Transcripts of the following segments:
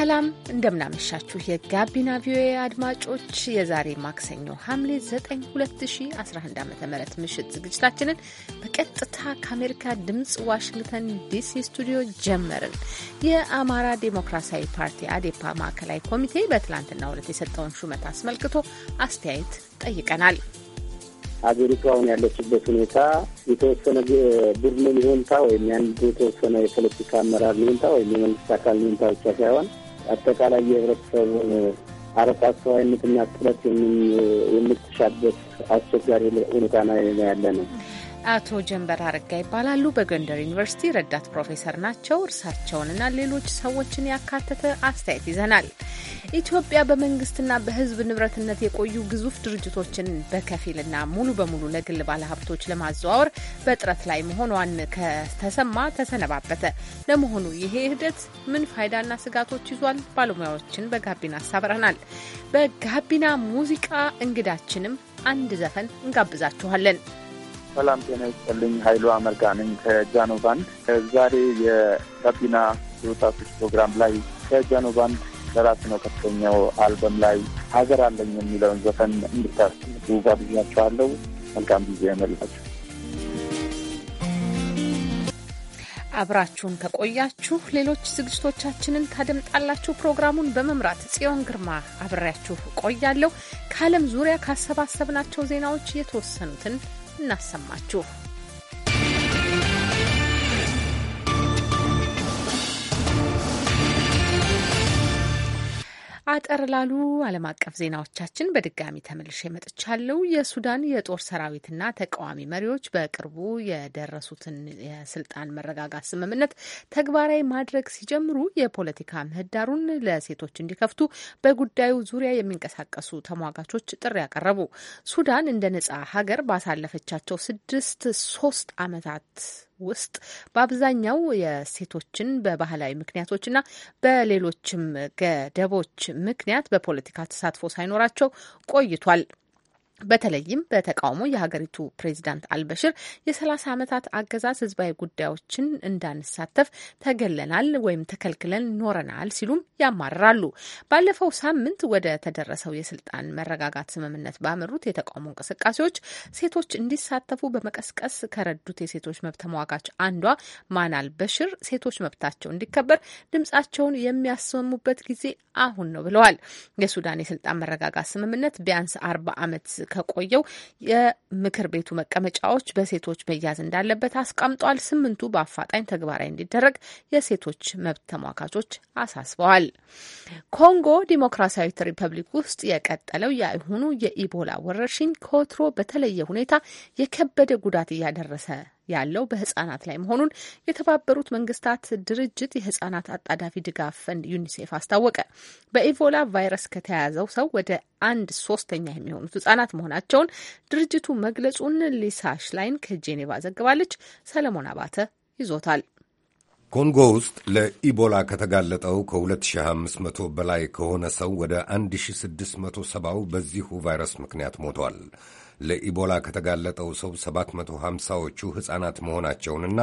ሰላም እንደምናመሻችሁ የጋቢና ቪኦኤ አድማጮች የዛሬ ማክሰኞ ሐምሌ 9 2011 ዓ ም ምሽት ዝግጅታችንን በቀጥታ ከአሜሪካ ድምፅ ዋሽንግተን ዲሲ ስቱዲዮ ጀመርን። የአማራ ዴሞክራሲያዊ ፓርቲ አዴፓ ማዕከላዊ ኮሚቴ በትላንትናው ዕለት የሰጠውን ሹመት አስመልክቶ አስተያየት ጠይቀናል። ሀገሪቱ አሁን ያለችበት ሁኔታ የተወሰነ ቡድን ሊሆንታ ወይም የተወሰነ የፖለቲካ አመራር ሊሆንታ ወይም የመንግስት አካል ሊሆንታ ብቻ ሳይሆን አጠቃላይ የህብረተሰቡን አረፍ አስተዋይነትና ጥረት የምትሻበት አስቸጋሪ ሁኔታ ነው ያለ ነው። አቶ ጀንበር አረጋ ይባላሉ። በጎንደር ዩኒቨርሲቲ ረዳት ፕሮፌሰር ናቸው። እርሳቸውንና ሌሎች ሰዎችን ያካተተ አስተያየት ይዘናል። ኢትዮጵያ በመንግስትና በሕዝብ ንብረትነት የቆዩ ግዙፍ ድርጅቶችን በከፊልና ሙሉ በሙሉ ለግል ባለሀብቶች ለማዘዋወር በጥረት ላይ መሆኗን ከተሰማ ተሰነባበተ። ለመሆኑ ይሄ ሂደት ምን ፋይዳና ስጋቶች ይዟል? ባለሙያዎችን በጋቢና አሳብረናል። በጋቢና ሙዚቃ እንግዳችንም አንድ ዘፈን እንጋብዛችኋለን። ሰላም ጤና ይስጥልኝ። ሀይሉ አመርጋ ነኝ ከጃኖ ባንድ። ዛሬ የጋቢና የወጣቶች ፕሮግራም ላይ ከጃኖ ባንድ ለራስ ነው ከተሰኘው አልበም ላይ ሀገር አለኝ የሚለውን ዘፈን እንድታስቡ ጋብዣችኋለሁ። መልካም ጊዜ ያመላችሁ። አብራችሁን ከቆያችሁ ሌሎች ዝግጅቶቻችንን ታደምጣላችሁ። ፕሮግራሙን በመምራት ጽዮን ግርማ አብሬያችሁ ቆያለሁ። ከዓለም ዙሪያ ካሰባሰብናቸው ዜናዎች የተወሰኑትን እናሰማችሁ። አጠር ላሉ ዓለም አቀፍ ዜናዎቻችን በድጋሚ ተመልሼ መጥቻለሁ። የሱዳን የጦር ሰራዊትና ተቃዋሚ መሪዎች በቅርቡ የደረሱትን የስልጣን መረጋጋት ስምምነት ተግባራዊ ማድረግ ሲጀምሩ የፖለቲካ ምህዳሩን ለሴቶች እንዲከፍቱ በጉዳዩ ዙሪያ የሚንቀሳቀሱ ተሟጋቾች ጥሪ ያቀረቡ ሱዳን እንደ ነጻ ሀገር ባሳለፈቻቸው ስድስት ሶስት ዓመታት ውስጥ በአብዛኛው የሴቶችን በባህላዊ ምክንያቶችና በሌሎችም ገደቦች ምክንያት በፖለቲካ ተሳትፎ ሳይኖራቸው ቆይቷል። በተለይም በተቃውሞ የሀገሪቱ ፕሬዚዳንት አልበሽር የ30 ዓመታት አገዛዝ ህዝባዊ ጉዳዮችን እንዳንሳተፍ ተገለናል ወይም ተከልክለን ኖረናል ሲሉም ያማርራሉ። ባለፈው ሳምንት ወደ ተደረሰው የስልጣን መረጋጋት ስምምነት ባመሩት የተቃውሞ እንቅስቃሴዎች ሴቶች እንዲሳተፉ በመቀስቀስ ከረዱት የሴቶች መብት ተሟጋች አንዷ ማን አልበሽር ሴቶች መብታቸው እንዲከበር ድምጻቸውን የሚያሰሙበት ጊዜ አሁን ነው ብለዋል። የሱዳን የስልጣን መረጋጋት ስምምነት ቢያንስ አርባ ዓመት ከቆየው የምክር ቤቱ መቀመጫዎች በሴቶች መያዝ እንዳለበት አስቀምጧል። ስምንቱ በአፋጣኝ ተግባራዊ እንዲደረግ የሴቶች መብት ተሟካቾች አሳስበዋል። ኮንጎ ዲሞክራሲያዊት ሪፐብሊክ ውስጥ የቀጠለው የአይሁኑ የኢቦላ ወረርሽኝ ከወትሮ በተለየ ሁኔታ የከበደ ጉዳት እያደረሰ ያለው በህጻናት ላይ መሆኑን የተባበሩት መንግስታት ድርጅት የህጻናት አጣዳፊ ድጋፍ ፈንድ ዩኒሴፍ አስታወቀ። በኢቦላ ቫይረስ ከተያያዘው ሰው ወደ አንድ ሶስተኛ የሚሆኑት ህጻናት መሆናቸውን ድርጅቱ መግለጹን ሊሳ ሽላይን ከጄኔቫ ዘግባለች። ሰለሞን አባተ ይዞታል። ኮንጎ ውስጥ ለኢቦላ ከተጋለጠው ከ2500 በላይ ከሆነ ሰው ወደ 1670ው በዚሁ ቫይረስ ምክንያት ሞቷል። ለኢቦላ ከተጋለጠው ሰው 750ዎቹ ሕፃናት መሆናቸውንና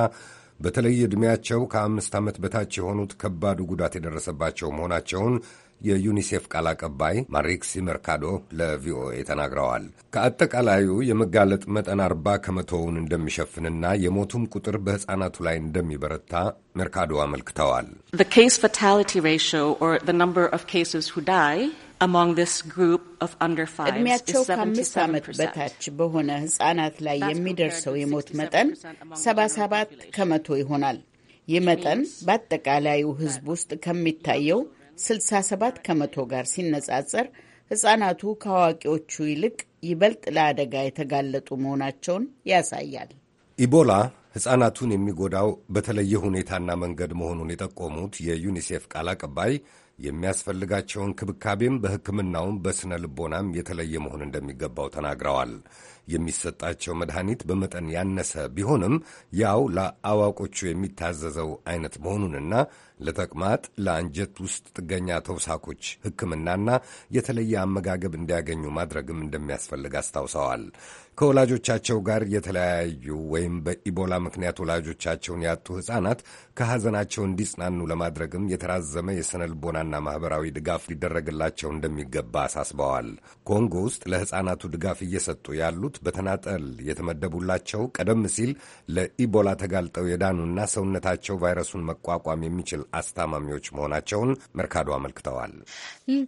በተለይ ዕድሜያቸው ከአምስት ዓመት በታች የሆኑት ከባዱ ጉዳት የደረሰባቸው መሆናቸውን የዩኒሴፍ ቃል አቀባይ ማሪክሲ መርካዶ ለቪኦኤ ተናግረዋል። ከአጠቃላዩ የመጋለጥ መጠን አርባ ከመቶውን እንደሚሸፍንና የሞቱም ቁጥር በሕፃናቱ ላይ እንደሚበረታ መርካዶ አመልክተዋል። ዕድሜያቸው ከአምስት ዓመት በታች በሆነ ህጻናት ላይ የሚደርሰው የሞት መጠን 77 ከመቶ ይሆናል። ይህ መጠን በአጠቃላዩ ህዝብ ውስጥ ከሚታየው 67 ከመቶ ጋር ሲነጻጸር ህጻናቱ ከአዋቂዎቹ ይልቅ ይበልጥ ለአደጋ የተጋለጡ መሆናቸውን ያሳያል። ኢቦላ ህጻናቱን የሚጎዳው በተለየ ሁኔታና መንገድ መሆኑን የጠቆሙት የዩኒሴፍ ቃል አቀባይ የሚያስፈልጋቸውን ክብካቤም በሕክምናውም በሥነ ልቦናም የተለየ መሆን እንደሚገባው ተናግረዋል። የሚሰጣቸው መድኃኒት በመጠን ያነሰ ቢሆንም ያው ለአዋቆቹ የሚታዘዘው አይነት መሆኑንና ለተቅማጥ፣ ለአንጀት ውስጥ ጥገኛ ተውሳኮች ሕክምናና የተለየ አመጋገብ እንዲያገኙ ማድረግም እንደሚያስፈልግ አስታውሰዋል። ከወላጆቻቸው ጋር የተለያዩ ወይም በኢቦላ ምክንያት ወላጆቻቸውን ያጡ ሕፃናት ከሐዘናቸው እንዲጽናኑ ለማድረግም የተራዘመ የሥነ ልቦናና ማኅበራዊ ድጋፍ ሊደረግላቸው እንደሚገባ አሳስበዋል። ኮንጎ ውስጥ ለሕፃናቱ ድጋፍ እየሰጡ ያሉት በተናጠል የተመደቡላቸው ቀደም ሲል ለኢቦላ ተጋልጠው የዳኑና ሰውነታቸው ቫይረሱን መቋቋም የሚችል አስታማሚዎች መሆናቸውን መርካዶ አመልክተዋል።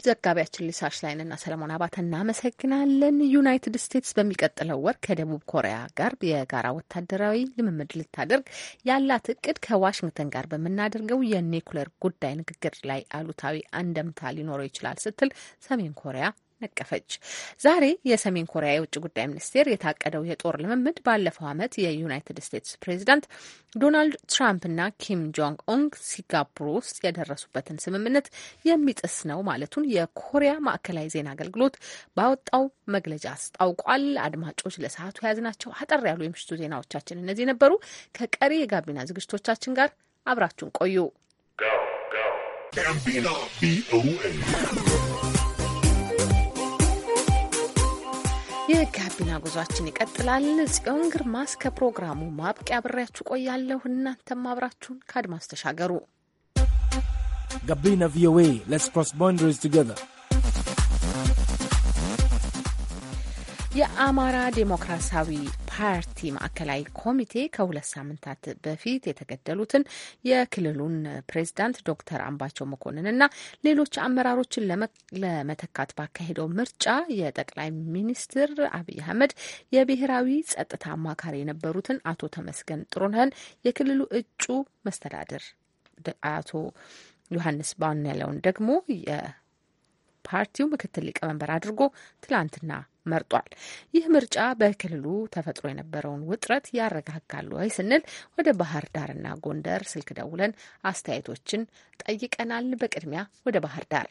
ዘጋቢያችን ሊሳሽ ላይንና ሰለሞን አባተ እናመሰግናለን። ዩናይትድ ስቴትስ በሚቀጥለው በሚመጣው ወር ከደቡብ ኮሪያ ጋር የጋራ ወታደራዊ ልምምድ ልታደርግ ያላት እቅድ ከዋሽንግተን ጋር በምናደርገው የኒኩሌር ጉዳይ ንግግር ላይ አሉታዊ አንደምታ ሊኖረው ይችላል ስትል ሰሜን ኮሪያ ነቀፈች። ዛሬ የሰሜን ኮሪያ የውጭ ጉዳይ ሚኒስቴር የታቀደው የጦር ልምምድ ባለፈው ዓመት የዩናይትድ ስቴትስ ፕሬዚዳንት ዶናልድ ትራምፕና ኪም ጆንግ ኡንግ ሲንጋፖር ውስጥ የደረሱበትን ስምምነት የሚጥስ ነው ማለቱን የኮሪያ ማዕከላዊ ዜና አገልግሎት ባወጣው መግለጫ አስታውቋል። አድማጮች ለሰዓቱ የያዝናቸው አጠር ያሉ የምሽቱ ዜናዎቻችን እነዚህ ነበሩ። ከቀሪ የጋቢና ዝግጅቶቻችን ጋር አብራችሁን ቆዩ። የጋቢና ጉዟችን ይቀጥላል። ጽዮን ግርማ እስከ ፕሮግራሙ ማብቂያ አብሬያችሁ ቆያለሁ። እናንተም አብራችሁን ከአድማስ ተሻገሩ። ጋቢና ቪኦኤ ሌትስ ክሮስ ቦንደሪስ ቱጌዘር። የአማራ ዴሞክራሲያዊ ፓርቲ ማዕከላዊ ኮሚቴ ከሁለት ሳምንታት በፊት የተገደሉትን የክልሉን ፕሬዚዳንት ዶክተር አምባቸው መኮንንና ሌሎች አመራሮችን ለመተካት ባካሄደው ምርጫ የጠቅላይ ሚኒስትር አብይ አህመድ የብሔራዊ ጸጥታ አማካሪ የነበሩትን አቶ ተመስገን ጥሩነህን የክልሉ እጩ መስተዳድር አቶ ዮሐንስ ያለውን ደግሞ ፓርቲው ምክትል ሊቀመንበር አድርጎ ትላንትና መርጧል። ይህ ምርጫ በክልሉ ተፈጥሮ የነበረውን ውጥረት ያረጋጋሉ ወይ ስንል ወደ ባህር ዳርና ጎንደር ስልክ ደውለን አስተያየቶችን ጠይቀናል። በቅድሚያ ወደ ባህር ዳር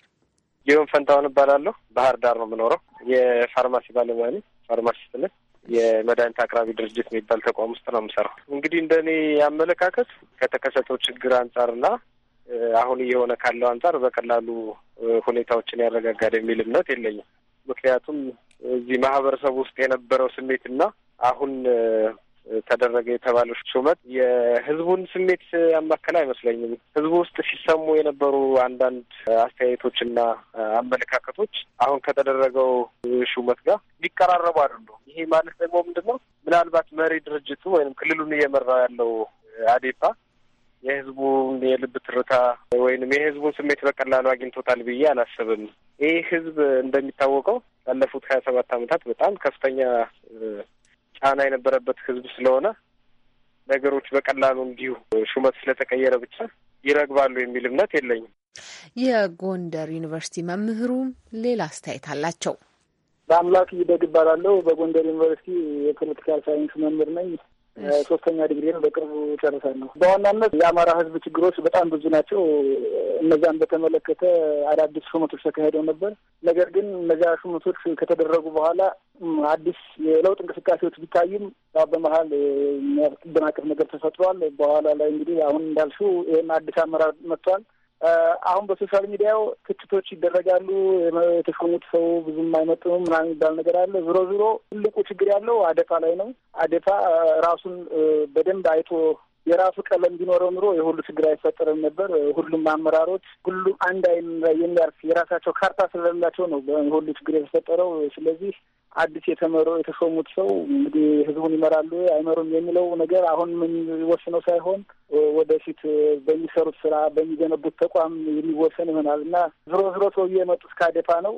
ይሁን ፈንታውን እባላለሁ። ባህር ዳር ነው የምኖረው። የፋርማሲ ባለሙያ ነኝ። ፋርማሲ ስንል የመድኃኒት አቅራቢ ድርጅት የሚባል ተቋም ውስጥ ነው የምሰራው። እንግዲህ እንደኔ አመለካከት ከተከሰተው ችግር አንጻርና አሁን እየሆነ ካለው አንጻር በቀላሉ ሁኔታዎችን ያረጋጋል የሚል እምነት የለኝም። ምክንያቱም እዚህ ማህበረሰብ ውስጥ የነበረው ስሜትና አሁን ተደረገ የተባለው ሹመት የህዝቡን ስሜት ያማከለ አይመስለኝም። ህዝቡ ውስጥ ሲሰሙ የነበሩ አንዳንድ አስተያየቶችና አመለካከቶች አሁን ከተደረገው ሹመት ጋር ሊቀራረቡ አይደሉ። ይሄ ማለት ደግሞ ምንድን ነው? ምናልባት መሪ ድርጅቱ ወይም ክልሉን እየመራ ያለው አዴፓ የህዝቡን የልብ ትርታ ወይንም የህዝቡን ስሜት በቀላሉ አግኝቶታል ብዬ አላስብም። ይህ ህዝብ እንደሚታወቀው ባለፉት ሀያ ሰባት ዓመታት በጣም ከፍተኛ ጫና የነበረበት ህዝብ ስለሆነ ነገሮች በቀላሉ እንዲሁ ሹመት ስለተቀየረ ብቻ ይረግባሉ የሚል እምነት የለኝም። የጎንደር ዩኒቨርሲቲ መምህሩም ሌላ አስተያየት አላቸው። በአምላክ ይደግ ይባላለሁ። በጎንደር ዩኒቨርሲቲ የፖለቲካል ሳይንስ መምህር ነኝ። ሶስተኛ ዲግሪን በቅርቡ ጨርሳለሁ። በዋናነት የአማራ ህዝብ ችግሮች በጣም ብዙ ናቸው። እነዚያን በተመለከተ አዳዲስ ሹመቶች ተካሄደው ነበር። ነገር ግን እነዚያ ሹመቶች ከተደረጉ በኋላ አዲስ የለውጥ እንቅስቃሴዎች ቢታይም በመሀል የሚያደናቅፍ ነገር ተፈጥሯል። በኋላ ላይ እንግዲህ አሁን እንዳልሹ ይህን አዲስ አመራር መጥቷል። አሁን በሶሻል ሚዲያው ትችቶች ይደረጋሉ። የተሾሙት ሰው ብዙም አይመጥኑም ምናምን የሚባል ነገር አለ። ዞሮ ዞሮ ትልቁ ችግር ያለው አደፋ ላይ ነው። አደፋ ራሱን በደንብ አይቶ የራሱ ቀለም ቢኖረው ኑሮ የሁሉ ችግር አይፈጠርም ነበር። ሁሉም አመራሮች ሁሉም አንድ አይን የሚያርፍ የራሳቸው ካርታ ስለሌላቸው ነው ሁሉ ችግር የተፈጠረው። ስለዚህ አዲስ የተመረው የተሾሙት ሰው እንግዲህ ህዝቡን ይመራሉ አይመሩም የሚለው ነገር አሁን የሚወስነው ሳይሆን ወደፊት በሚሰሩት ስራ በሚገነቡት ተቋም የሚወሰን ይሆናል እና ዝሮ ዝሮ ሰውዬ የመጡት ከአዴፓ ነው።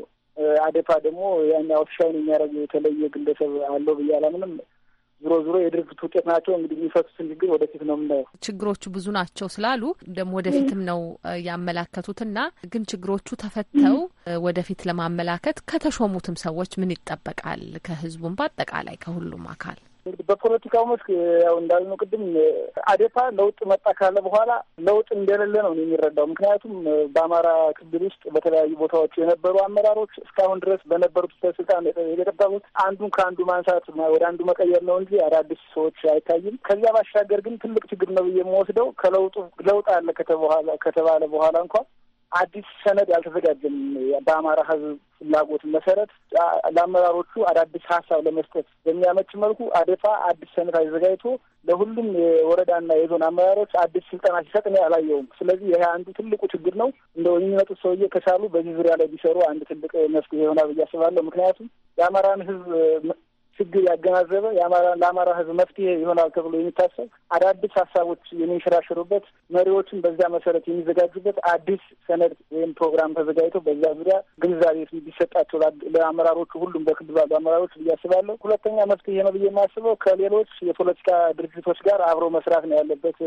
አዴፓ ደግሞ ያን አውትሻይን የሚያደርግ የተለየ ግለሰብ አለው ብዬ አላምንም። ዞሮ ዞሮ የድርጊት ውጤት ናቸው። እንግዲህ የሚፈቱትን ችግር ወደፊት ነው የምናየው። ችግሮቹ ብዙ ናቸው ስላሉ ደግሞ ወደፊትም ነው ያመላከቱትና ግን ችግሮቹ ተፈተው ወደፊት ለማመላከት ከተሾሙትም ሰዎች ምን ይጠበቃል? ከህዝቡም በአጠቃላይ ከሁሉም አካል በፖለቲካው መስክ ያው እንዳልነው ቅድም አዴፓ ለውጥ መጣ ካለ በኋላ ለውጥ እንደሌለ ነው የሚረዳው። ምክንያቱም በአማራ ክልል ውስጥ በተለያዩ ቦታዎች የነበሩ አመራሮች እስካሁን ድረስ በነበሩት በስልጣን የተጠበቡት አንዱን ከአንዱ ማንሳት ወደ አንዱ መቀየር ነው እንጂ አዳዲስ ሰዎች አይታይም። ከዚያ ባሻገር ግን ትልቅ ችግር ነው ብዬ የምወስደው ከለውጡ ለውጥ አለ ከተባለ በኋላ እንኳን አዲስ ሰነድ ያልተዘጋጀም በአማራ ህዝብ ፍላጎት መሰረት ለአመራሮቹ አዳዲስ ሀሳብ ለመስጠት በሚያመች መልኩ አዴፋ አዲስ ሰነድ አዘጋጅቶ ለሁሉም የወረዳና የዞን አመራሮች አዲስ ስልጠና ሲሰጥ እኔ አላየውም። ስለዚህ ይሄ አንዱ ትልቁ ችግር ነው። እንደው የሚመጡት ሰውዬ ከቻሉ በዚህ ዙሪያ ላይ ቢሰሩ አንድ ትልቅ መፍትሄ ይሆናል ብዬ አስባለሁ። ምክንያቱም የአማራን ህዝብ ችግር ያገናዘበ ለአማራ ህዝብ መፍትሄ ይሆናል ተብሎ የሚታሰብ አዳዲስ ሀሳቦች የሚንሸራሸሩበት መሪዎችን በዛ መሰረት የሚዘጋጁበት አዲስ ሰነድ ወይም ፕሮግራም ተዘጋጅቶ በዛ ዙሪያ ግንዛቤ ቢሰጣቸው ለአመራሮቹ፣ ሁሉም በክልሉ ባሉ አመራሮች ብዬ አስባለሁ። ሁለተኛ መፍትሄ ነው ብዬ የማስበው ከሌሎች የፖለቲካ ድርጅቶች ጋር አብሮ መስራት ነው ያለበት።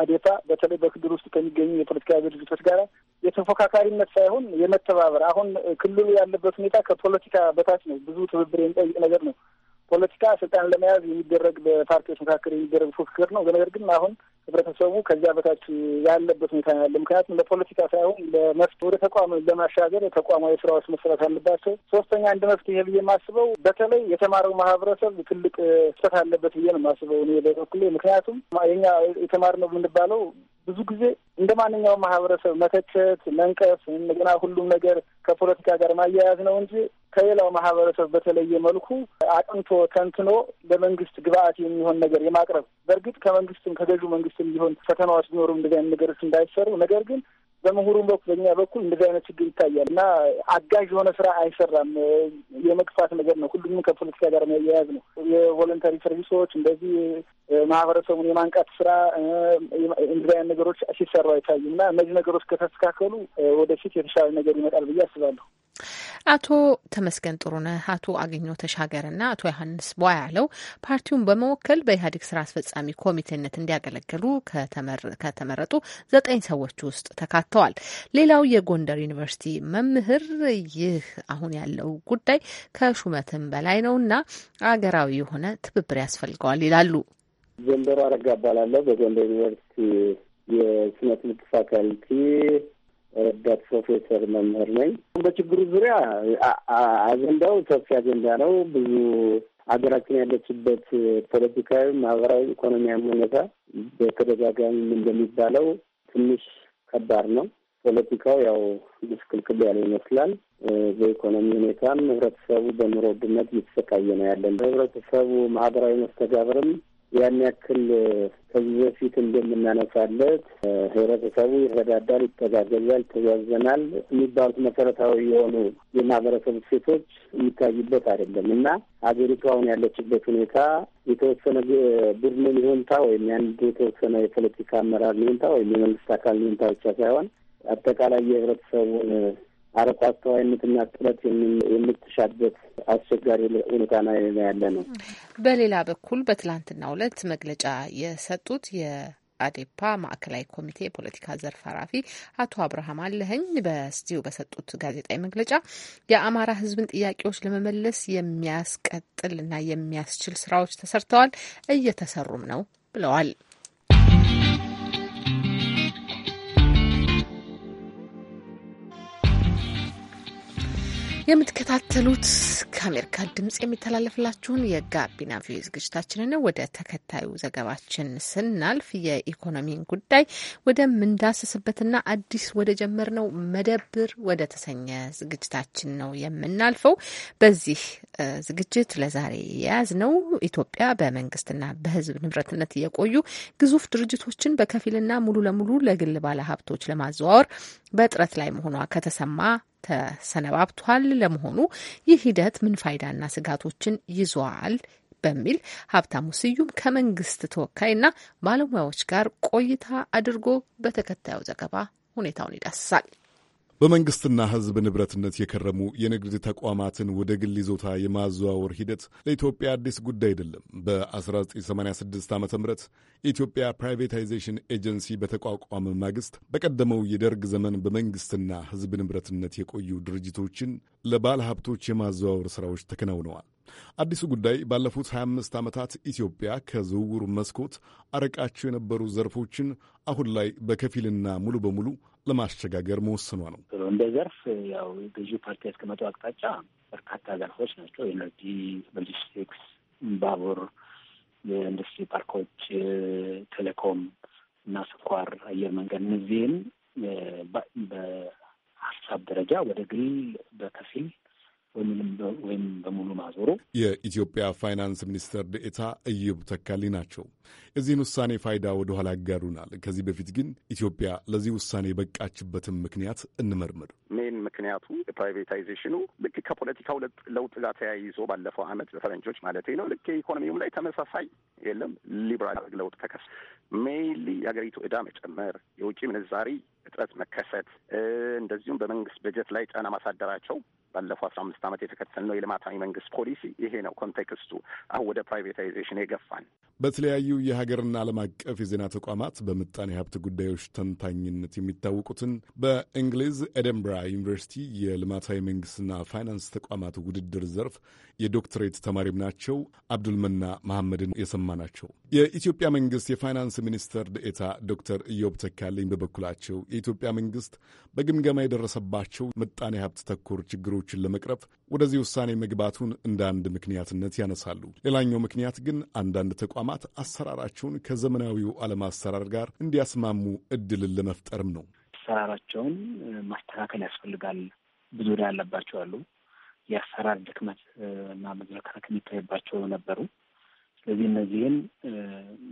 አዴታ በተለይ በክልል ውስጥ ከሚገኙ የፖለቲካ ድርጅቶች ጋር የተፎካካሪነት ሳይሆን የመተባበር አሁን ክልሉ ያለበት ሁኔታ ከፖለቲካ በታች ነው። ብዙ ትብብር የሚጠይቅ ነገር ነው። ፖለቲካ ስልጣን ለመያዝ የሚደረግ በፓርቲዎች መካከል የሚደረግ ፉክክር ነው። ነገር ግን አሁን ህብረተሰቡ ከዚያ በታች ያለበት ሁኔታ ያለ። ምክንያቱም ለፖለቲካ ሳይሆን ለመፍት ወደ ተቋም ለማሻገር የተቋማዊ ስራዎች መሰራት አለባቸው። ሶስተኛ እንደ መፍትሄ ብዬ የማስበው በተለይ የተማረው ማህበረሰብ ትልቅ ስህተት አለበት ብዬ ነው የማስበው እኔ በበኩሌ። ምክንያቱም የኛ የተማርነው የምንባለው ብዙ ጊዜ እንደ ማንኛውም ማህበረሰብ መተቸት፣ መንቀፍ፣ እንደገና ሁሉም ነገር ከፖለቲካ ጋር ማያያዝ ነው እንጂ ከሌላው ማህበረሰብ በተለየ መልኩ አጥንቶ ተንትኖ ለመንግስት ግብአት የሚሆን ነገር የማቅረብ በእርግጥ ከመንግስትም ከገዢው መንግስትም ቢሆን ፈተናዎች ቢኖሩም እንደዚህ አይነት ነገሮች እንዳይሰሩ ነገር ግን በምሁሩም በኩል በእኛ በኩል እንደዚህ አይነት ችግር ይታያል እና አጋዥ የሆነ ስራ አይሰራም። የመግፋት ነገር ነው። ሁሉም ከፖለቲካ ጋር መያያዝ ነው። የቮለንተሪ ሰርቪሶች እንደዚህ ማህበረሰቡን የማንቃት ስራ እንደዚህ አይነት ነገሮች ሲሰሩ አይታዩም እና እነዚህ ነገሮች ከተስተካከሉ ወደፊት የተሻለ ነገር ይመጣል ብዬ አስባለሁ። አቶ ተመስገን ጥሩነህ፣ አቶ አገኘው ተሻገርና አቶ ዮሐንስ ያለው ፓርቲውን በመወከል በኢህአዴግ ስራ አስፈጻሚ ኮሚቴነት እንዲያገለግሉ ከተመረጡ ዘጠኝ ሰዎች ውስጥ ተካተዋል። ሌላው የጎንደር ዩኒቨርሲቲ መምህር ይህ አሁን ያለው ጉዳይ ከሹመትም በላይ ነው እና አገራዊ የሆነ ትብብር ያስፈልገዋል ይላሉ። ጀንበሩ አረጋ እባላለሁ በጎንደር ዩኒቨርሲቲ የስነ ትምህርት ፋካልቲ ረዳት ፕሮፌሰር መምህር ነኝ። በችግሩ ዙሪያ አጀንዳው ሰፊ አጀንዳ ነው። ብዙ ሀገራችን ያለችበት ፖለቲካዊ፣ ማህበራዊ፣ ኢኮኖሚያዊ ሁኔታ በተደጋጋሚ እንደሚባለው ትንሽ ከባድ ነው። ፖለቲካው ያው ምስቅልቅል ያለ ይመስላል። በኢኮኖሚ ሁኔታም ህብረተሰቡ በኑሮ ውድነት እየተሰቃየ ነው ያለን። በህብረተሰቡ ማህበራዊ መስተጋብርም ያን ያክል ከዚህ በፊት እንደምናነሳለት ህብረተሰቡ ይረዳዳል፣ ይተጋገዛል፣ ይተዛዘናል የሚባሉት መሰረታዊ የሆኑ የማህበረሰብ ሴቶች የሚታይበት አይደለም እና ሀገሪቱ አሁን ያለችበት ሁኔታ የተወሰነ ቡድን ሊሆንታ ወይም የአንድ የተወሰነ የፖለቲካ አመራር ሊሆንታ ወይም የመንግስት አካል ሊሆንታ ብቻ ሳይሆን አጠቃላይ የህብረተሰቡን አረቆ አስተዋይነትና ጥረት የምትሻበት አስቸጋሪ ሁኔታ ያለ ነው። በሌላ በኩል በትላንትናው ዕለት መግለጫ የሰጡት አዴፓ ማዕከላዊ ኮሚቴ የፖለቲካ ዘርፍ ኃላፊ አቶ አብርሃም አለህኝ በስቲው በሰጡት ጋዜጣዊ መግለጫ የአማራ ሕዝብን ጥያቄዎች ለመመለስ የሚያስቀጥል ና የሚያስችል ስራዎች ተሰርተዋል፣ እየተሰሩም ነው ብለዋል። የምትከታተሉት ከአሜሪካ ድምጽ የሚተላለፍላችሁን የጋቢና ቪ ዝግጅታችንን። ወደ ተከታዩ ዘገባችን ስናልፍ የኢኮኖሚን ጉዳይ ወደ ምንዳስስበትና አዲስ ወደ ጀመርነው መደብር ወደ ተሰኘ ዝግጅታችን ነው የምናልፈው። በዚህ ዝግጅት ለዛሬ የያዝ ነው ኢትዮጵያ በመንግስትና በህዝብ ንብረትነት የቆዩ ግዙፍ ድርጅቶችን በከፊልና ሙሉ ለሙሉ ለግል ባለሀብቶች ለማዘዋወር በጥረት ላይ መሆኗ ከተሰማ ተሰነባብቷል። ለመሆኑ ይህ ሂደት ምን ፋይዳና ስጋቶችን ይዟል? በሚል ሀብታሙ ስዩም ከመንግስት ተወካይና ባለሙያዎች ጋር ቆይታ አድርጎ በተከታዩ ዘገባ ሁኔታውን ይዳስሳል። በመንግስትና ህዝብ ንብረትነት የከረሙ የንግድ ተቋማትን ወደ ግል ይዞታ የማዘዋወር ሂደት ለኢትዮጵያ አዲስ ጉዳይ አይደለም። በ1986 ዓ ም የኢትዮጵያ ፕራይቬታይዜሽን ኤጀንሲ በተቋቋመ ማግስት በቀደመው የደርግ ዘመን በመንግስትና ህዝብ ንብረትነት የቆዩ ድርጅቶችን ለባለ ሀብቶች የማዘዋወር ሥራዎች ተከናውነዋል። አዲሱ ጉዳይ ባለፉት 25 ዓመታት ኢትዮጵያ ከዝውውሩ መስኮት አረቃቸው የነበሩ ዘርፎችን አሁን ላይ በከፊልና ሙሉ በሙሉ ለማሸጋገር መወሰኗ ነው። እንደ ዘርፍ ያው ገዢ ፓርቲ ያስቀመጠው አቅጣጫ በርካታ ዘርፎች ናቸው። ኤነርጂ፣ ሎጂስቲክስ፣ ባቡር፣ የኢንዱስትሪ ፓርኮች፣ ቴሌኮም እና ስኳር፣ አየር መንገድ እነዚህም በሀሳብ ደረጃ ወደ ግል በከፊል ወይም በሙሉ ማዞሩ። የኢትዮጵያ ፋይናንስ ሚኒስተር ደኤታ እዮብ ተካሊ ናቸው። የዚህን ውሳኔ ፋይዳ ወደ ኋላ ያጋሩናል። ከዚህ በፊት ግን ኢትዮጵያ ለዚህ ውሳኔ የበቃችበትን ምክንያት እንመርምር። ሜን ምክንያቱ የፕራይቬታይዜሽኑ ልክ ከፖለቲካው ለውጥ ጋር ተያይዞ ባለፈው ዓመት በፈረንጆች ማለት ነው ልክ የኢኮኖሚውም ላይ ተመሳሳይ የለም ሊብራል ለውጥ ተከስ ሜይንሊ የሀገሪቱ ዕዳ መጨመር፣ የውጭ ምንዛሪ እጥረት መከሰት፣ እንደዚሁም በመንግስት በጀት ላይ ጫና ማሳደራቸው ባለፈው አስራ አምስት ዓመት የተከተልነው የልማታዊ መንግስት ፖሊሲ ይሄ ነው። ኮንቴክስቱ አሁን ወደ ፕራይቬታይዜሽን የገፋን። በተለያዩ የሀገርና ዓለም አቀፍ የዜና ተቋማት በምጣኔ ሀብት ጉዳዮች ተንታኝነት የሚታወቁትን በእንግሊዝ ኤደንብራ ዩኒቨርሲቲ የልማታዊ መንግስትና ፋይናንስ ተቋማት ውድድር ዘርፍ የዶክትሬት ተማሪም ናቸው። አብዱልመና መሐመድን የሰማ ናቸው። የኢትዮጵያ መንግስት የፋይናንስ ሚኒስተር ደኤታ ዶክተር ኢዮብ ተካልኝ በበኩላቸው የኢትዮጵያ መንግስት በግምገማ የደረሰባቸው ምጣኔ ሀብት ተኮር ችግሮች ችግሮችን ለመቅረፍ ወደዚህ ውሳኔ መግባቱን እንደ አንድ ምክንያትነት ያነሳሉ። ሌላኛው ምክንያት ግን አንዳንድ ተቋማት አሰራራቸውን ከዘመናዊው ዓለም አሰራር ጋር እንዲያስማሙ እድልን ለመፍጠርም ነው። አሰራራቸውን ማስተካከል ያስፈልጋል። ብዙ ዕዳ ያለባቸው አሉ። የአሰራር ድክመት እና መዝረክረክ የሚታይባቸው ነበሩ። ስለዚህ እነዚህን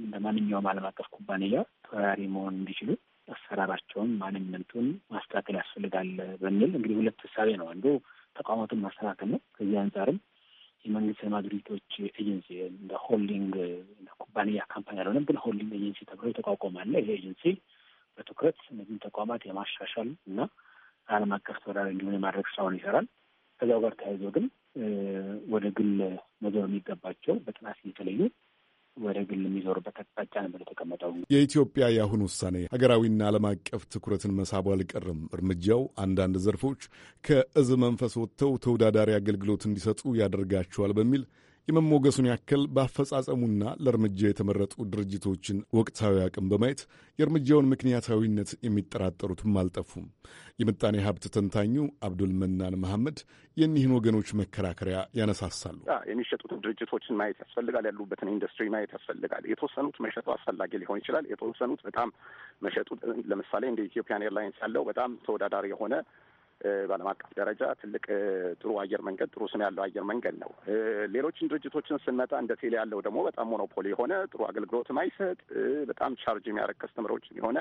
እንደ ማንኛውም ዓለም አቀፍ ኩባንያ ተወራሪ መሆን እንዲችሉ አሰራራቸውን፣ ማንነቱን ማስተካከል ያስፈልጋል በሚል እንግዲህ ሁለት እሳቤ ነው። አንዱ ተቋማትን ማስተካከል ነው። ከዚህ አንጻርም የመንግስት ልማት ድርጅቶች ኤጀንሲ እንደ ሆልዲንግ ኩባንያ ካምፓኒ ያልሆነ ግን ሆልዲንግ ኤጀንሲ ተብሎ የተቋቋማለ። ይሄ ኤጀንሲ በትኩረት እነዚህም ተቋማት የማሻሻል እና ዓለም አቀፍ ተወዳዳሪ እንዲሆን የማድረግ ስራውን ይሰራል። ከዚያው ጋር ተያይዞ ግን ወደ ግል መዞር የሚገባቸው በጥናት እየተለዩ ወደ ግል የሚዞርበት አቅጣጫ ነበር የተቀመጠው። የኢትዮጵያ የአሁን ውሳኔ ሀገራዊና ዓለም አቀፍ ትኩረትን መሳቡ አልቀርም። እርምጃው አንዳንድ ዘርፎች ከእዝ መንፈስ ወጥተው ተወዳዳሪ አገልግሎት እንዲሰጡ ያደርጋቸዋል በሚል የመሞገሱን ያክል በአፈጻጸሙና ለእርምጃ የተመረጡ ድርጅቶችን ወቅታዊ አቅም በማየት የእርምጃውን ምክንያታዊነት የሚጠራጠሩትም አልጠፉም። የምጣኔ ሀብት ተንታኙ አብዱል መናን መሐመድ የኒህን ወገኖች መከራከሪያ ያነሳሳሉ። የሚሸጡት ድርጅቶችን ማየት ያስፈልጋል። ያሉበትን ኢንዱስትሪ ማየት ያስፈልጋል። የተወሰኑት መሸጡ አስፈላጊ ሊሆን ይችላል። የተወሰኑት በጣም መሸጡ ለምሳሌ እንደ ኢትዮጵያን ኤርላይንስ ያለው በጣም ተወዳዳሪ የሆነ በዓለም አቀፍ ደረጃ ትልቅ ጥሩ አየር መንገድ ጥሩ ስም ያለው አየር መንገድ ነው። ሌሎችን ድርጅቶችን ስንመጣ እንደ ቴሌ ያለው ደግሞ በጣም ሞኖፖሊ የሆነ ጥሩ አገልግሎት ማይሰጥ በጣም ቻርጅ የሚያደርግ ከስተምሮች የሆነ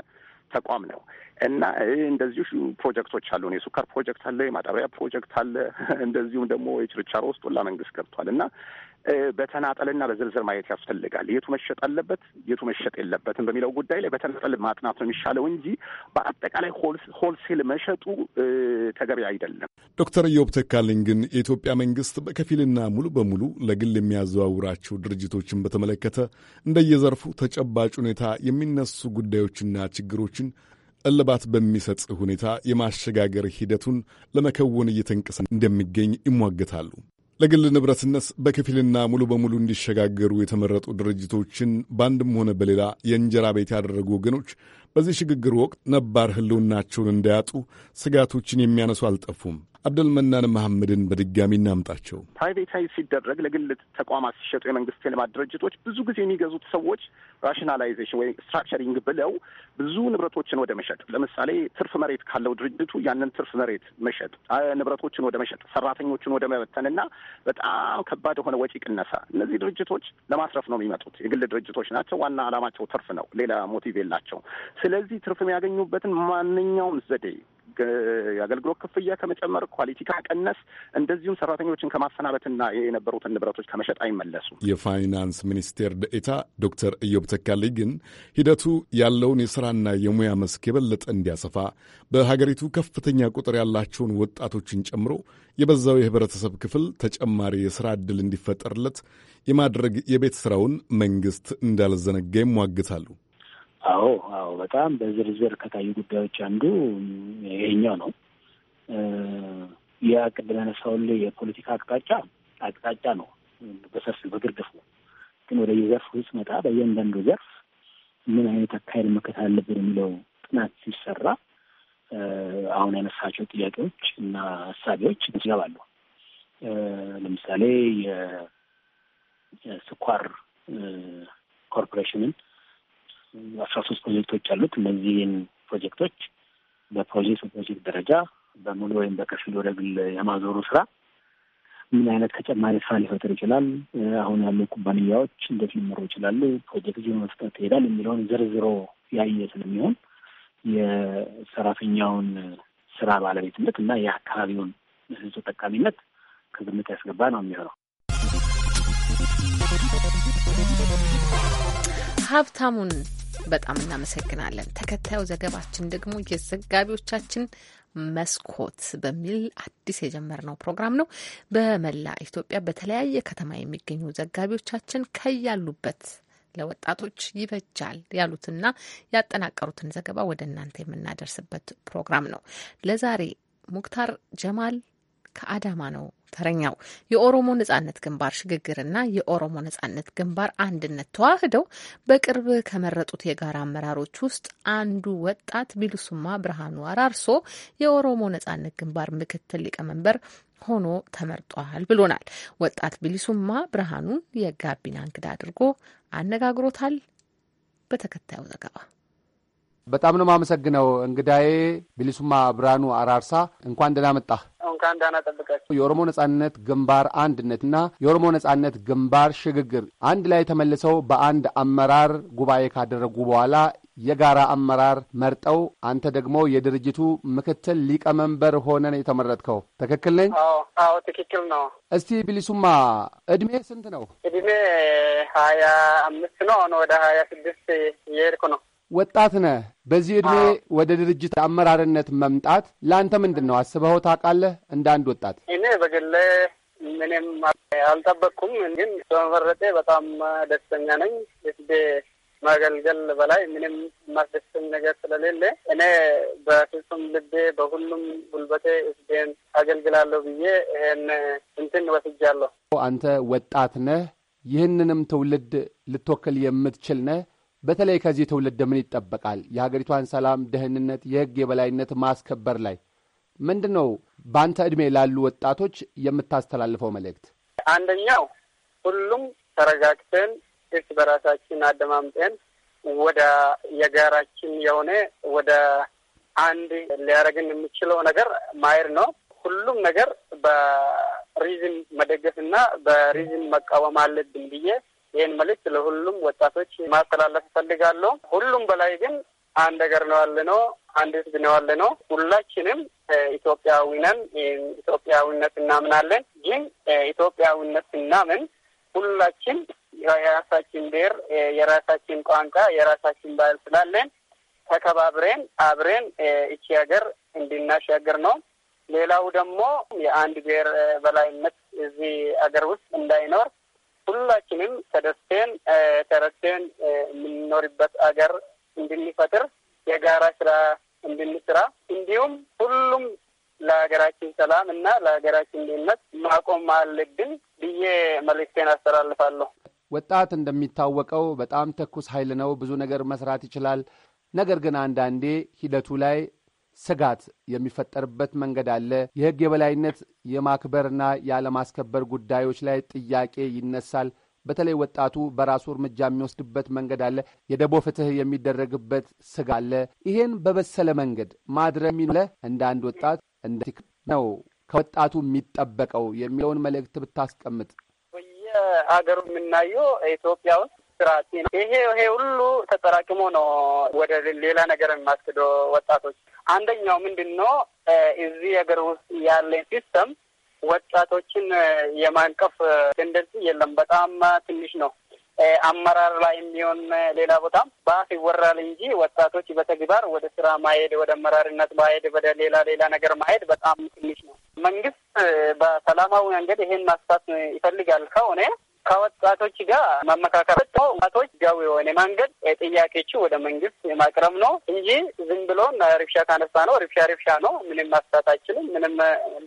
ተቋም ነው እና እንደዚሁ ፕሮጀክቶች አሉ። የሱካር ፕሮጀክት አለ፣ የማጠቢያ ፕሮጀክት አለ። እንደዚሁም ደግሞ የችርቻሮ ውስጥ ሁላ መንግስት ገብቷል እና በተናጠልና በዝርዝር ማየት ያስፈልጋል። የቱ መሸጥ አለበት፣ የቱ መሸጥ የለበትም በሚለው ጉዳይ ላይ በተናጠል ማጥናት ነው የሚሻለው እንጂ በአጠቃላይ ሆልሴል መሸጡ ተገቢ አይደለም። ዶክተር ኢዮብ ተካልኝ ግን የኢትዮጵያ መንግስት በከፊልና ሙሉ በሙሉ ለግል የሚያዘዋውራቸው ድርጅቶችን በተመለከተ እንደየዘርፉ ተጨባጭ ሁኔታ የሚነሱ ጉዳዮችና ችግሮችን እልባት በሚሰጥ ሁኔታ የማሸጋገር ሂደቱን ለመከወን እየተንቀሳ እንደሚገኝ ይሟገታሉ። ለግል ንብረትነት በከፊልና ሙሉ በሙሉ እንዲሸጋገሩ የተመረጡ ድርጅቶችን በአንድም ሆነ በሌላ የእንጀራ ቤት ያደረጉ ወገኖች በዚህ ሽግግር ወቅት ነባር ህልውናቸውን እንዳያጡ ስጋቶችን የሚያነሱ አልጠፉም። አብደልመናን መሐመድን በድጋሚ እናምጣቸው። ፕራይቬታይዝ ሲደረግ ለግል ተቋማት ሲሸጡ የመንግስት የልማት ድርጅቶች ብዙ ጊዜ የሚገዙት ሰዎች ራሽናላይዜሽን ወይም ስትራክቸሪንግ ብለው ብዙ ንብረቶችን ወደ መሸጥ፣ ለምሳሌ ትርፍ መሬት ካለው ድርጅቱ ያንን ትርፍ መሬት መሸጥ፣ ንብረቶችን ወደ መሸጥ፣ ሰራተኞችን ወደ መበተንና በጣም ከባድ የሆነ ወጪ ቅነሳ። እነዚህ ድርጅቶች ለማስረፍ ነው የሚመጡት። የግል ድርጅቶች ናቸው። ዋና አላማቸው ትርፍ ነው። ሌላ ሞቲቭ የላቸው። ስለዚህ ትርፍ የሚያገኙበትን ማንኛውም ዘዴ የአገልግሎት ክፍያ ከመጨመር፣ ኳሊቲ ከመቀነስ፣ እንደዚሁም ሰራተኞችን ከማሰናበትና የነበሩትን ንብረቶች ከመሸጥ አይመለሱ። የፋይናንስ ሚኒስቴር ደኤታ ዶክተር እዮብ ተካልኝ ግን ሂደቱ ያለውን የስራና የሙያ መስክ የበለጠ እንዲያሰፋ በሀገሪቱ ከፍተኛ ቁጥር ያላቸውን ወጣቶችን ጨምሮ የበዛው የህብረተሰብ ክፍል ተጨማሪ የስራ ዕድል እንዲፈጠርለት የማድረግ የቤት ስራውን መንግስት እንዳልዘነጋ ይሟግታሉ። አዎ አዎ፣ በጣም በዝርዝር ከታዩ ጉዳዮች አንዱ ይሄኛው ነው። ያ ቅድም ያነሳሁልህ የፖለቲካ አቅጣጫ አቅጣጫ ነው በሰፊው በግርድፉ። ግን ወደ የዘርፍ ውስጥ መጣ በእያንዳንዱ ዘርፍ ምን አይነት አካሄድ መከተል አለብን የሚለው ጥናት ሲሰራ አሁን ያነሳቸው ጥያቄዎች እና ሀሳቢዎች ይገባሉ። ለምሳሌ የስኳር ኮርፖሬሽንን አስራ ሶስት ፕሮጀክቶች አሉት። እነዚህን ፕሮጀክቶች በፕሮጀክት በፕሮጀክት ደረጃ በሙሉ ወይም በከፊል ወደ ግል የማዞሩ ስራ ምን አይነት ተጨማሪ ስራ ሊፈጥር ይችላል? አሁን ያሉ ኩባንያዎች እንዴት ሊመሩ ይችላሉ? ፕሮጀክት መስጠት ይሄዳል የሚለውን ዝርዝሮ ያየ ስለሚሆን የሰራተኛውን ስራ ባለቤትነት እና የአካባቢውን ህዝብ ተጠቃሚነት ከግምት ያስገባ ነው የሚሆነው። ሀብታሙን በጣም እናመሰግናለን። ተከታዩ ዘገባችን ደግሞ የዘጋቢዎቻችን መስኮት በሚል አዲስ የጀመርነው ፕሮግራም ነው። በመላ ኢትዮጵያ በተለያየ ከተማ የሚገኙ ዘጋቢዎቻችን ከያሉበት ለወጣቶች ይበጃል ያሉትና ያጠናቀሩትን ዘገባ ወደ እናንተ የምናደርስበት ፕሮግራም ነው። ለዛሬ ሙክታር ጀማል ከአዳማ ነው ተረኛው። የኦሮሞ ነጻነት ግንባር ሽግግርና የኦሮሞ ነጻነት ግንባር አንድነት ተዋህደው በቅርብ ከመረጡት የጋራ አመራሮች ውስጥ አንዱ ወጣት ቢሉሱማ ብርሃኑ አራርሶ የኦሮሞ ነጻነት ግንባር ምክትል ሊቀመንበር ሆኖ ተመርጧል ብሎናል። ወጣት ቢሊሱማ ብርሃኑን የጋቢና እንግዳ አድርጎ አነጋግሮታል። በተከታዩ ዘገባ በጣም ነው የማመሰግነው። እንግዳዬ ቢሊሱማ ብርሃኑ አራርሳ እንኳን ደህና መጣህ። እንኳን ደህና ጠብቃችሁ። የኦሮሞ ነጻነት ግንባር አንድነትና የኦሮሞ ነጻነት ግንባር ሽግግር አንድ ላይ ተመልሰው በአንድ አመራር ጉባኤ ካደረጉ በኋላ የጋራ አመራር መርጠው አንተ ደግሞ የድርጅቱ ምክትል ሊቀመንበር ሆነን የተመረጥከው ትክክል ነኝ? አዎ ትክክል ነው። እስቲ ቢሊሱማ እድሜ ስንት ነው? እድሜ ሀያ አምስት ነው። ወደ ሀያ ስድስት እየሄድኩ ነው። ወጣት ነህ። በዚህ ዕድሜ ወደ ድርጅት አመራርነት መምጣት ለአንተ ምንድን ነው? አስበኸው ታውቃለህ? እንደ አንድ ወጣት እኔ በግሌ ምንም አልጠበቅኩም፣ ግን በመመረጤ በጣም ደስተኛ ነኝ። ህዝቤ ማገልገል በላይ ምንም የማስደስተኝ ነገር ስለሌለ እኔ በፍጹም ልቤ በሁሉም ጉልበቴ ህዝቤን አገልግላለሁ ብዬ ይሄን እንትን ወስጃለሁ። አንተ ወጣት ነህ፣ ይህንንም ትውልድ ልትወክል የምትችል ነህ በተለይ ከዚህ ትውልድ ምን ይጠበቃል? የሀገሪቷን ሰላም፣ ደህንነት፣ የሕግ የበላይነት ማስከበር ላይ ምንድን ነው በአንተ ዕድሜ ላሉ ወጣቶች የምታስተላልፈው መልእክት? አንደኛው ሁሉም ተረጋግተን እርስ በራሳችን አደማምጠን ወደ የጋራችን የሆነ ወደ አንድ ሊያደርግን የሚችለው ነገር ማየር ነው። ሁሉም ነገር በሪዝም መደገፍና በሪዝን በሪዝም መቃወም አለብን ብዬ ይህን መልዕክት ለሁሉም ወጣቶች ማስተላለፍ እፈልጋለሁ። ሁሉም በላይ ግን አንድ ሀገር ነው ያለ ነው፣ አንድ ህዝብ ነው ያለ ነው። ሁላችንም ኢትዮጵያዊ ነን። ኢትዮጵያዊነት እናምናለን። ግን ኢትዮጵያዊነት ስናምን ሁላችን የራሳችን ብሔር፣ የራሳችን ቋንቋ፣ የራሳችን ባህል ስላለን ተከባብረን አብረን እቺ ሀገር እንድናሻገር ነው። ሌላው ደግሞ የአንድ ብሔር በላይነት እዚህ ሀገር ውስጥ እንዳይኖር ሁላችንም ተደስተን ተረድተን የምንኖርበት አገር እንድንፈጥር የጋራ ስራ እንድንስራ እንዲሁም ሁሉም ለሀገራችን ሰላም እና ለሀገራችን ደህንነት ማቆም አለብን ብዬ መልእክቴን አስተላልፋለሁ። ወጣት እንደሚታወቀው በጣም ተኩስ ኃይል ነው። ብዙ ነገር መስራት ይችላል። ነገር ግን አንዳንዴ ሂደቱ ላይ ስጋት የሚፈጠርበት መንገድ አለ። የሕግ የበላይነት የማክበርና ያለማስከበር ጉዳዮች ላይ ጥያቄ ይነሳል። በተለይ ወጣቱ በራሱ እርምጃ የሚወስድበት መንገድ አለ። የደቦ ፍትህ የሚደረግበት ስጋ አለ። ይሄን በበሰለ መንገድ ማድረግ የሚለ እንደ አንድ ወጣት እንደ ነው ከወጣቱ የሚጠበቀው የሚለውን መልእክት ብታስቀምጥ። በየአገሩ የምናየው ኢትዮጵያ ውስጥ ስራት ይሄ ይሄ ሁሉ ተጠራቅሞ ነው ወደ ሌላ ነገር የማስክዶ ወጣቶች አንደኛው ምንድን ነው እዚህ ሀገር ውስጥ ያለን ሲስተም ወጣቶችን የማንቀፍ ቴንደንሲ የለም። በጣም ትንሽ ነው። አመራር ላይ የሚሆን ሌላ ቦታም በአፍ ይወራል እንጂ ወጣቶች በተግባር ወደ ስራ ማሄድ፣ ወደ አመራርነት ማሄድ፣ ወደ ሌላ ሌላ ነገር ማሄድ በጣም ትንሽ ነው። መንግስት በሰላማዊ መንገድ ይሄን ማስፋት ይፈልጋል ከሆነ ከወጣቶች ጋር ማመካከር ወጣቶች ጋው የሆነ መንገድ ጥያቄዎቹ ወደ መንግስት የማቅረብ ነው እንጂ ዝም ብሎን ሪብሻ ካነሳ ነው ሪብሻ ሪብሻ ነው ምንም ማስታት አይችልም፣ ምንም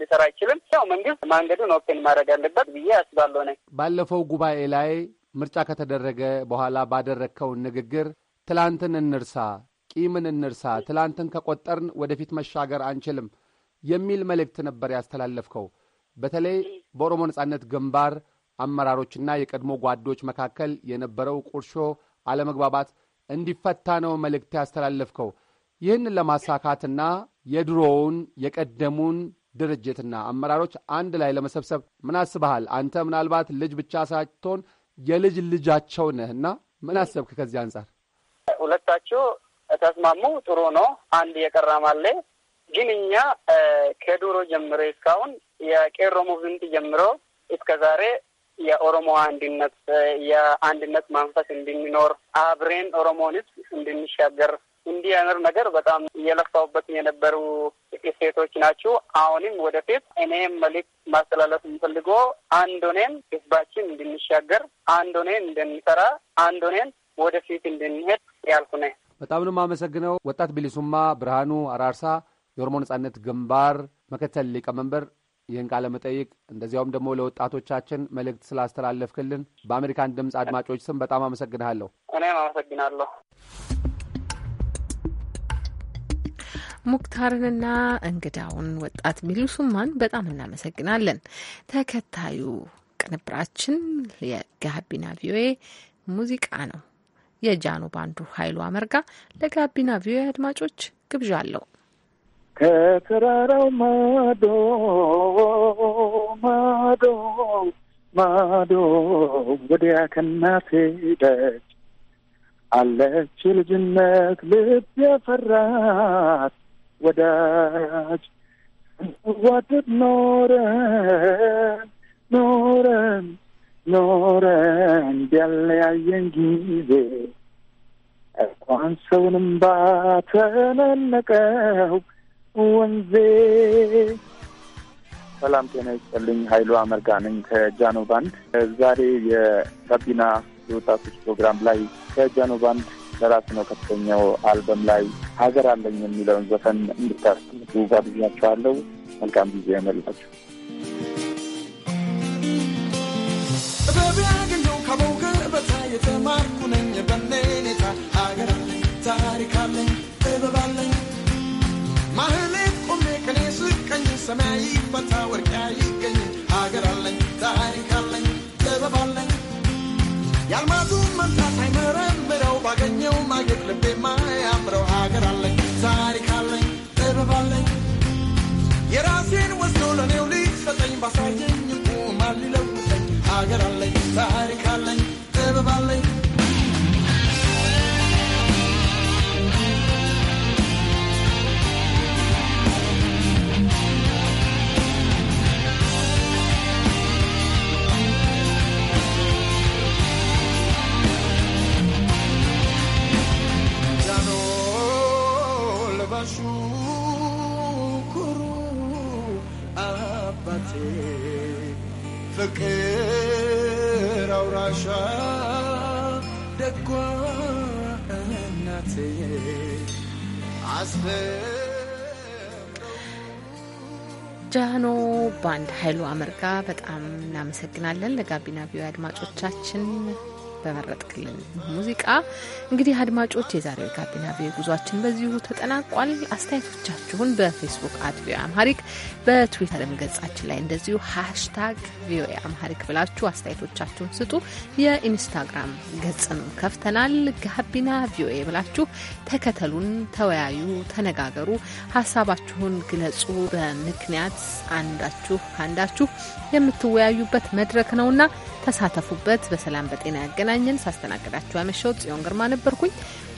ሊሰራ አይችልም። ያው መንግስት መንገዱን ኦፕን ማድረግ አለበት ብዬ አስባለሁ። ነ ባለፈው ጉባኤ ላይ ምርጫ ከተደረገ በኋላ ባደረግከው ንግግር ትላንትን እንርሳ፣ ቂምን እንርሳ፣ ትላንትን ከቆጠርን ወደፊት መሻገር አንችልም የሚል መልእክት ነበር ያስተላለፍከው። በተለይ በኦሮሞ ነጻነት ግንባር አመራሮችና የቀድሞ ጓዶች መካከል የነበረው ቁርሾ አለመግባባት እንዲፈታ ነው መልእክት ያስተላለፍከው። ይህን ለማሳካትና የድሮውን የቀደሙን ድርጅትና አመራሮች አንድ ላይ ለመሰብሰብ ምን አስበሃል? አንተ ምናልባት ልጅ ብቻ ሳትሆን የልጅ ልጃቸው ነህ እና ምን አሰብክ? ከዚህ አንጻር ሁለታቸው ተስማሙ፣ ጥሩ ነው። አንድ የቀራማለ ግን እኛ ከድሮ ጀምሮ እስካሁን የቄሮ ሙቭመንት ጀምሮ እስከ ዛሬ የኦሮሞ አንድነት የአንድነት መንፈስ እንድንኖር አብሬን ኦሮሞን እንድንሻገር እንዲህ አይነት ነገር በጣም እየለፋውበት የነበሩ ሴቶች ናቸው። አሁንም ወደፊት እኔም መልዕክት ማስተላለፍ የምፈልጎ አንድ ሆነን ህዝባችን እንድንሻገር፣ አንድ ሆነን እንድንሰራ፣ አንድ ሆነን ወደፊት እንድንሄድ ያልኩ ነ በጣም ነው የማመሰግነው ወጣት ቢሊሱማ ብርሃኑ አራርሳ የኦሮሞ ነጻነት ግንባር ምክትል ሊቀመንበር ይህን ቃለ መጠይቅ እንደዚያውም ደግሞ ለወጣቶቻችን መልእክት ስላስተላለፍክልን በአሜሪካን ድምፅ አድማጮች ስም በጣም አመሰግንሃለሁ። እኔም አመሰግናለሁ። ሙክታርንና እንግዳውን ወጣት ሚሊሱማን በጣም እናመሰግናለን። ተከታዩ ቅንብራችን የጋቢና ቪኦኤ ሙዚቃ ነው። የጃኖ ባንዱ ኃይሉ አመርጋ ለጋቢና ቪኦኤ አድማጮች ግብዣ አለው። ከተራራው ማዶ ማዶ ማዶ ወዲያ ከናቴ ደጅ አለች ልጅነት ልብ የፈራት ወዳጅ ዋድድ ኖረን ኖረን ኖረን ቢያለያየን ጊዜ እንኳን ሰውንም ባተነነቀው ወንዜ ሰላም ጤና ይስጥልኝ። ሀይሉ አመርጋ ነኝ ከጃኖ ባንድ። ዛሬ የጋቢና የወጣቶች ፕሮግራም ላይ ከጃኖ ባንድ ለራስ ነው ከተሰኘው አልበም ላይ ሀገር አለኝ የሚለውን ዘፈን እንድታስቡ ጋብዣችኋለሁ። መልካም ጊዜ ያመልጣችሁ። ታሪካለኝ ጥበባለኝ Look አውራሻ ደጓ እናቴ አስተ ጃኖ ባንድ ኃይሉ አመርጋ በጣም እናመሰግናለን። ለጋቢና ቪዮ አድማጮቻችን በመረጥክልን ሙዚቃ። እንግዲህ አድማጮች የዛሬው የጋቢና ቪ ጉዟችን በዚሁ ተጠናቋል። አስተያየቶቻችሁን በፌስቡክ አት ቪኦኤ አምሃሪክ በትዊተርም ገጻችን ላይ እንደዚሁ ሃሽታግ ቪኦኤ አምሃሪክ ብላችሁ አስተያየቶቻችሁን ስጡ። የኢንስታግራም ገጽም ከፍተናል። ጋቢና ቪኦኤ ብላችሁ ተከተሉን፣ ተወያዩ፣ ተነጋገሩ፣ ሀሳባችሁን ግለጹ። በምክንያት አንዳችሁ ከአንዳችሁ የምትወያዩበት መድረክ ነውና ተሳተፉበት። በሰላም በጤና ያገናኘን። ሳስተናግዳችሁ አመሻው ጽዮን ግርማ ነበርኩኝ።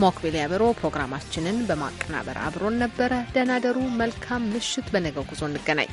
ሞክቤል ያበሮ ፕሮግራማችንን በማቀናበር አብሮን ነበረ። ደህና ደሩ። መልካም ምሽት። በነገው ጉዞ እንገናኝ።